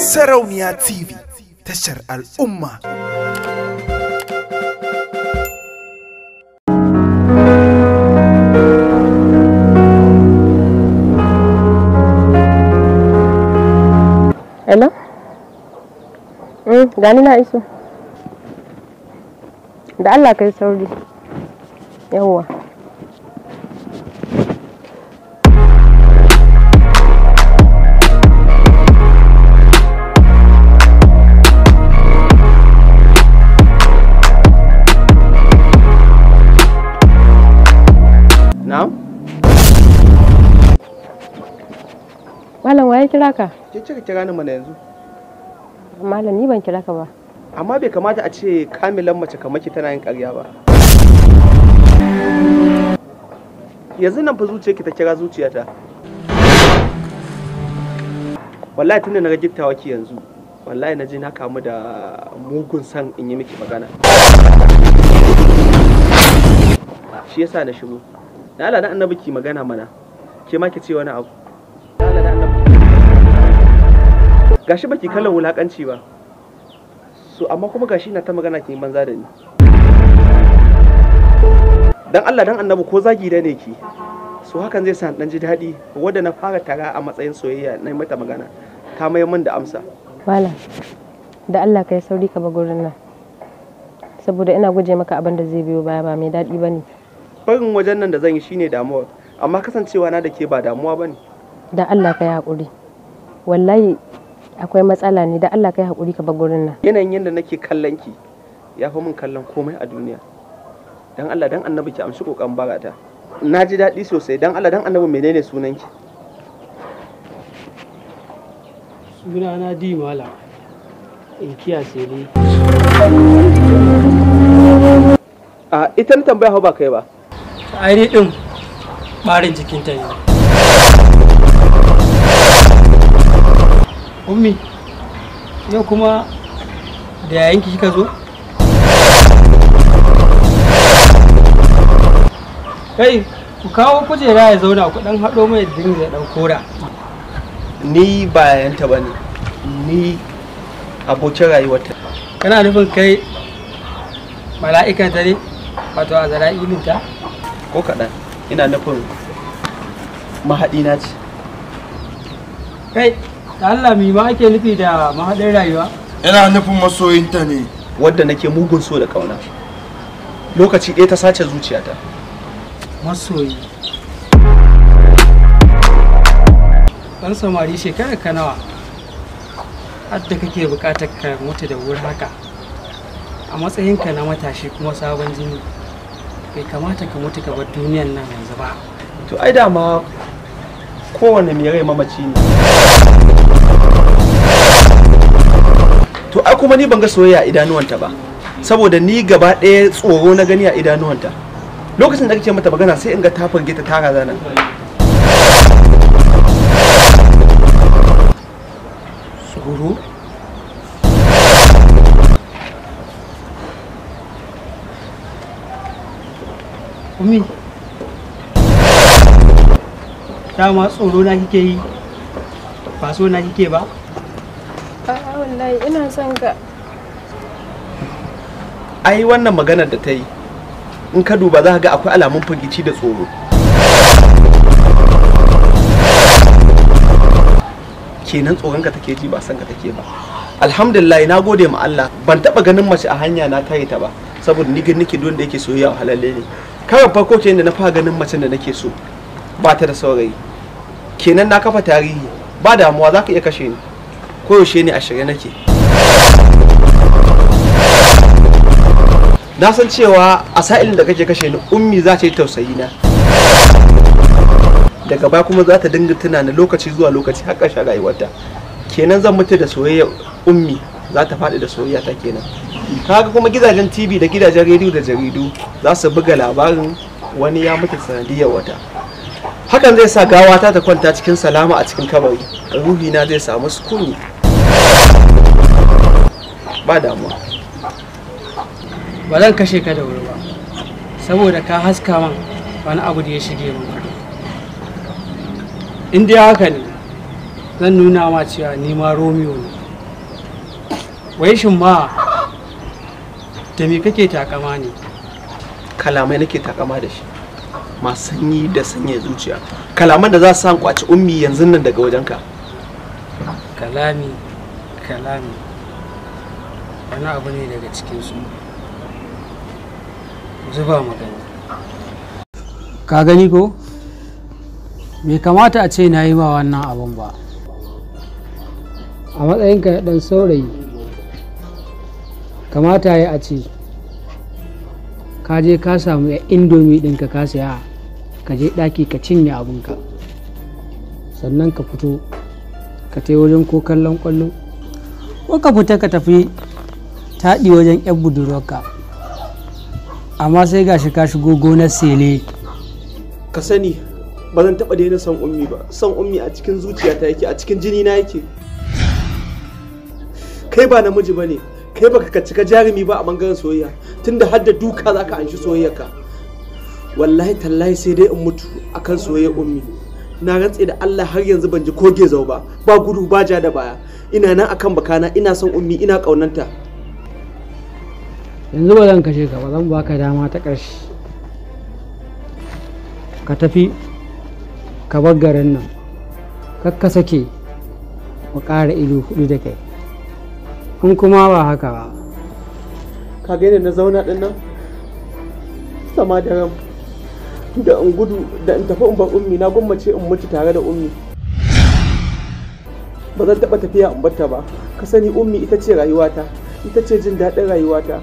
Sarauniya TV tashar al'umma. Hello? Eh, gani na iso. Da Allah kai sauri. Yawwa. kira ka? Ke ce ka kira ni mana yanzu. malami ni ban kira ka ba. Amma bai kamata a ce kamilan mace kamar ki tana yin ƙarya ba. Yanzu nan fa zuciya ki ta kira zuciyata. Wallahi tunda na ga gittawa ki yanzu. Wallahi na ji na kamu da mugun san in yi miki magana. Shi yasa na shigo. Na Allah na annabi ki magana mana. Ke ma ki ce wani abu. gashi baki kallon wulakanci ba so amma kuma gashi na ta magana ke banza da ni dan Allah dan annabi ko zagi da ne ki so hakan zai sa dan ji daɗi wanda na fara tara a matsayin soyayya na mata magana ta mai min da amsa wala da Allah kai sauri ka ba gurin nan saboda ina guje maka abin da zai biyo baya ba mai daɗi bane barin wajen nan da zan yi shine damuwa amma kasancewa na da ke ba damuwa bane da Allah ka yi haƙuri wallahi akwai matsala ne da Allah kai hakuri ka bar gurin nan yanayin yadda nake kallon ki ya fi min kallon komai a duniya dan Allah dan annabi ki amshi kokan barata na ji daɗi sosai dan Allah dan annabi menene sunan ki sunana di mala in kiyase ni. a ita tambaya ba kai ba ai din barin jikinta ne ummi yau kuma da yayanki kika zo kai ku kawo kujera ya zauna ku dan haɗo mai dinga dan kora ni ba yanta ba ne ni abokin rayuwarta kana nufin kai mala'ikanta ne wato a zara'ilinta ko kaɗan ina nufin mahaɗina ce kai Allah mi ma ake nufi da mahaɗin rayuwa? Ina nufin masoyinta ne. Wadda nake mugun so da ƙauna. Lokaci ɗaya ta sace zuciyata. Masoyi. Ɗan samari shekarar ka nawa? Hadda kake buƙatar ka mutu da wuri haka. A matsayinka na matashi kuma sabon jini. Bai kamata ka mutu ka bar duniyan nan yanzu ba. To ai dama kowane mai rai mamaci ne. kuma ni ban ga soyayya a idanuwanta ba saboda ni gaba ɗaya tsoro na gani a idanuwanta lokacin da kake mata magana sai in ga ta fange ta tara nan tsoro Umi, dama tsoro na kike yi, ba so na kike ba? wallahi ina son ka ai wannan maganar da ta yi in ka duba za ka ga akwai alamun fagici da tsoro kenan tsoron ka take ji ba san ka take ba alhamdulillah na gode ma Allah ban taba ganin mace a hanya na taye ta ba saboda ni ganin nake don da yake soyayya halalle ne kawai farko ce da na fara ganin mace da nake so ba ta da saurayi kenan na kafa tarihi ba damuwa za ka iya kashe ni koyaushe ne a shirye nake na san cewa a sa'ilin da kake kashe ni ummi za ta yi tausayi na daga baya kuma za ta dinga tunani lokaci zuwa lokaci har ƙarshen rayuwarta kenan zan mutu da soyayya ummi za ta faɗi da soyayya ta kenan kaga kuma gidajen tv da gidajen rediyo da jaridu za su buga labarin wani ya mutu sanadiyar wata hakan zai sa gawata ta kwanta cikin salama a cikin kabari ruhina zai samu sukuni ba damuwa ba zan kashe ka da wuri ba saboda ka haska man wani abu da ya shige mu in dai haka ne zan nuna ma cewa ni ma romeo ne wai shin ma da me kake takama ne kalamai nake takama da shi masu sanyi da sanya zuciya kalaman da za su san kwaci ummi yanzu nan daga wajenka kalami kalami wani abu ne daga cikinsu zuba magana ka gani ko bai kamata a ce na yi ma wannan abun ba a matsayinka ɗan saurayi kamata ya ce ka je ka samu ya indomi ɗinka ka saya ka je ɗaki ka cinye abinka sannan ka fito ka tai wajen ko kallon kwallo ko ka fita ka tafi taɗi wajen yan budurwarka amma sai gashi ka shigo gonar sele ka sani ba zan taɓa daina son ummi ba son ummi a cikin zuciyata yake a cikin jini na yake kai ba namiji ba ne kai baka ka cika jarumi ba a bangaren soyayya tunda har da duka za ka anshi soyayyarka wallahi tallahi sai dai in mutu akan soyayyar ummi na rantse da Allah har yanzu ban ji ko gezau ba ba gudu ba ja da baya ina nan akan bakana ina son ummi ina kaunanta yanzu ba zan kashe ka ba zan baka dama ta ƙarshe ka tafi ka bar garin nan kakka sake mu ƙara ido hudu da kai in kuma ba haka ba ka gani na zauna ɗin nan sama da ram da in gudu da in tafi in bar ummi na gwammace in mutu tare da ummi ba zan taɓa tafiya in ta ba ka sani ummi ita ce rayuwata ita ce jin daɗin rayuwata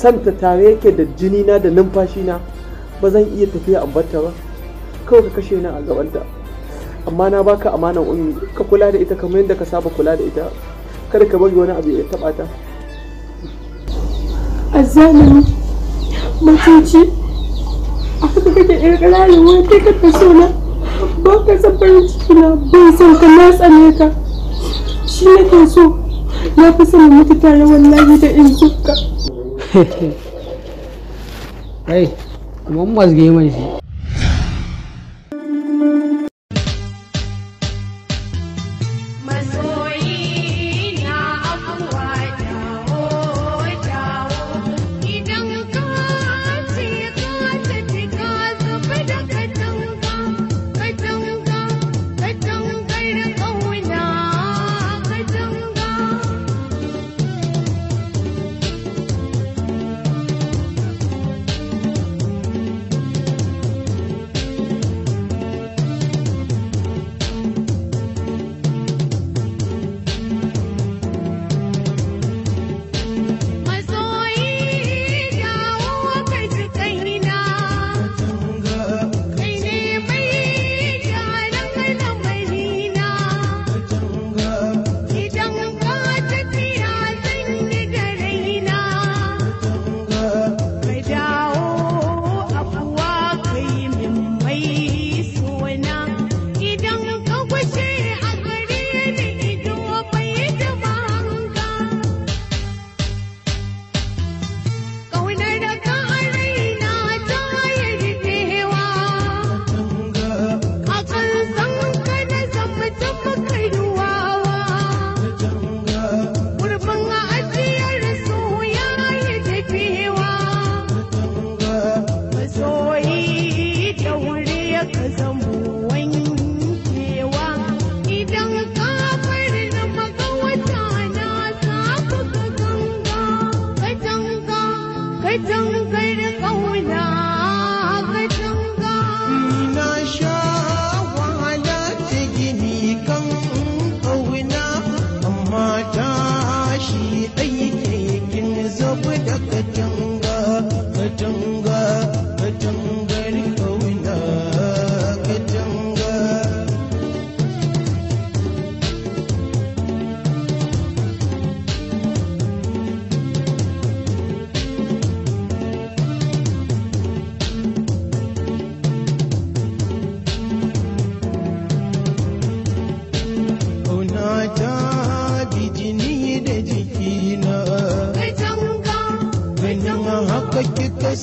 santa tare yake da jini na da numfashi na ba zan iya tafiya a batta ba kawai ka kashe ni a gabanta amma na baka amanan ummi ka kula da ita kamar yadda ka saba kula da ita kada ka bari wani abu ya taba ta azzalimi mutunci a haka kake kirkira ne wani kai ka taso na ba ka san farin ciki na ban san ka na tsane ka shi ke so na fi sanin mutu tare wallahi da in kuka kai kuma mazge mai shi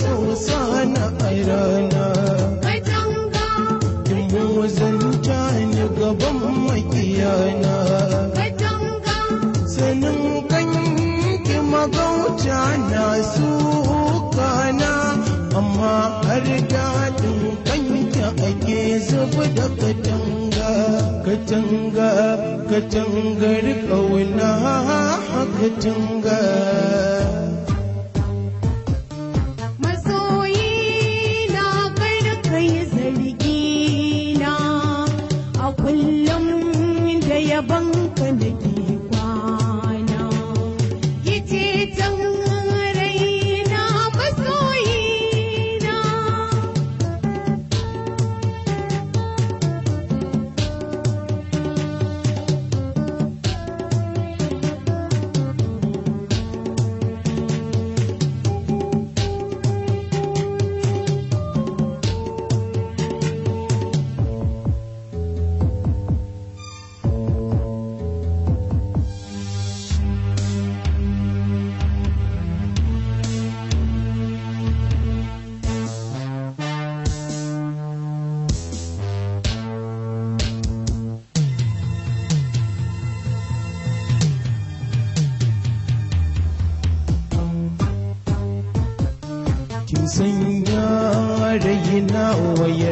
sausana a rana mu zanta ni gaban makiyana sanin kanki magauta na sukana amma har daɗin kanki ake zuba da katanga katanga katangar ƙauna katanga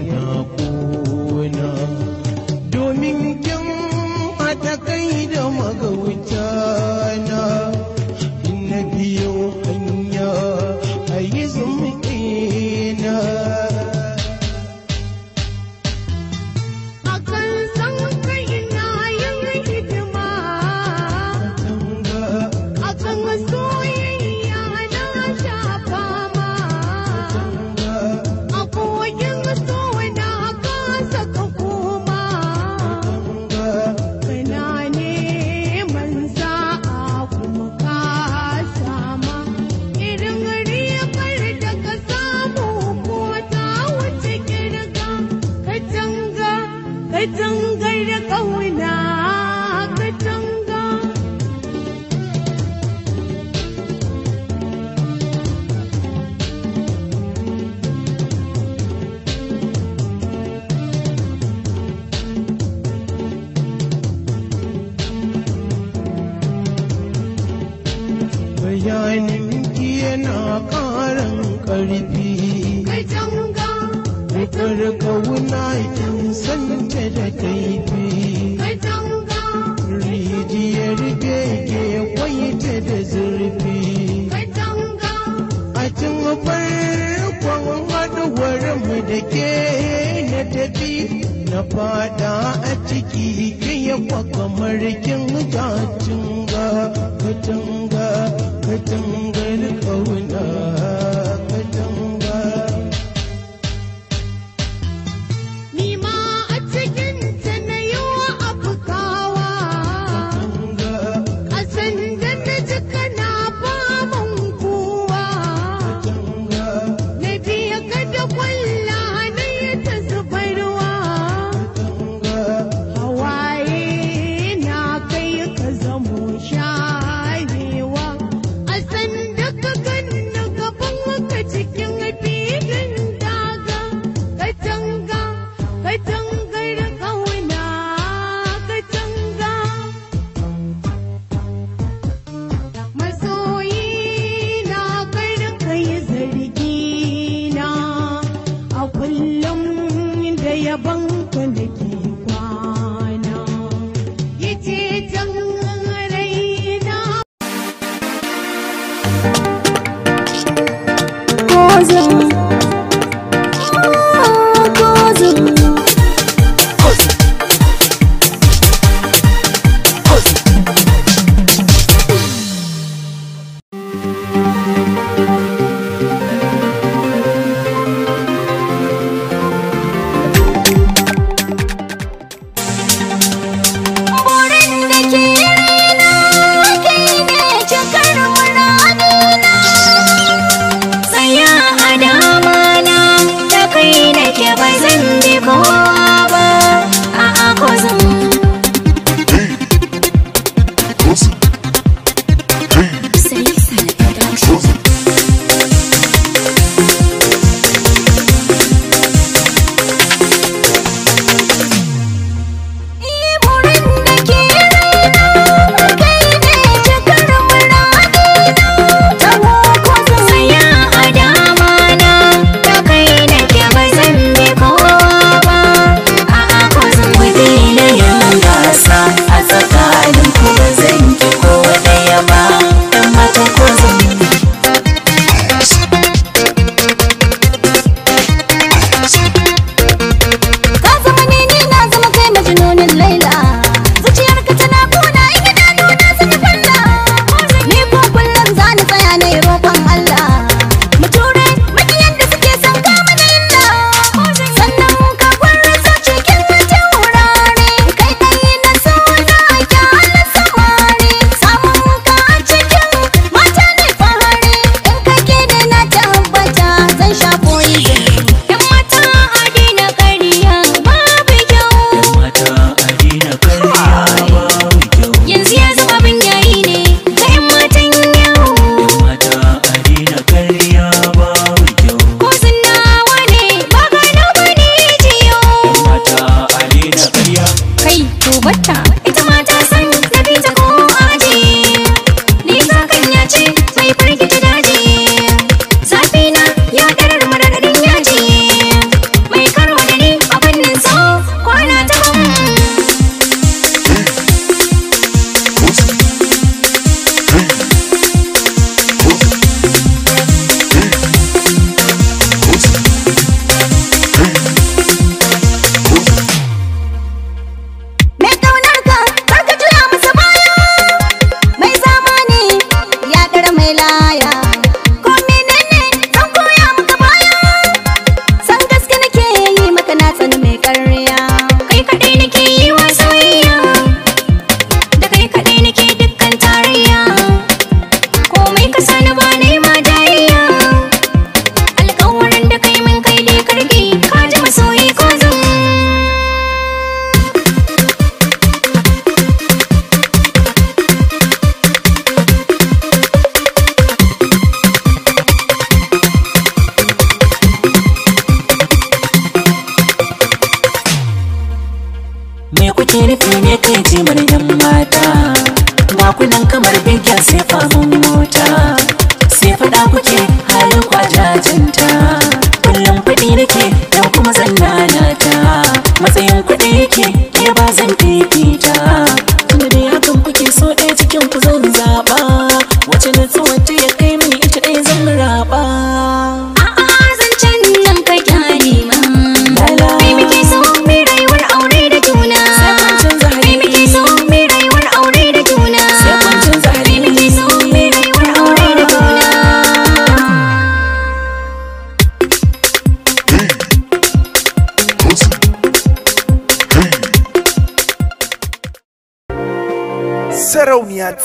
Yeah. Kar kauna in santa da kaifi. Rijiyar keke ta da zurfi. A cin farkon haɗuwar mu da ke na tafi na fada a ciki kayyafa kamar kin ga katanga katangar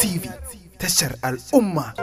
TV tashar al'umma.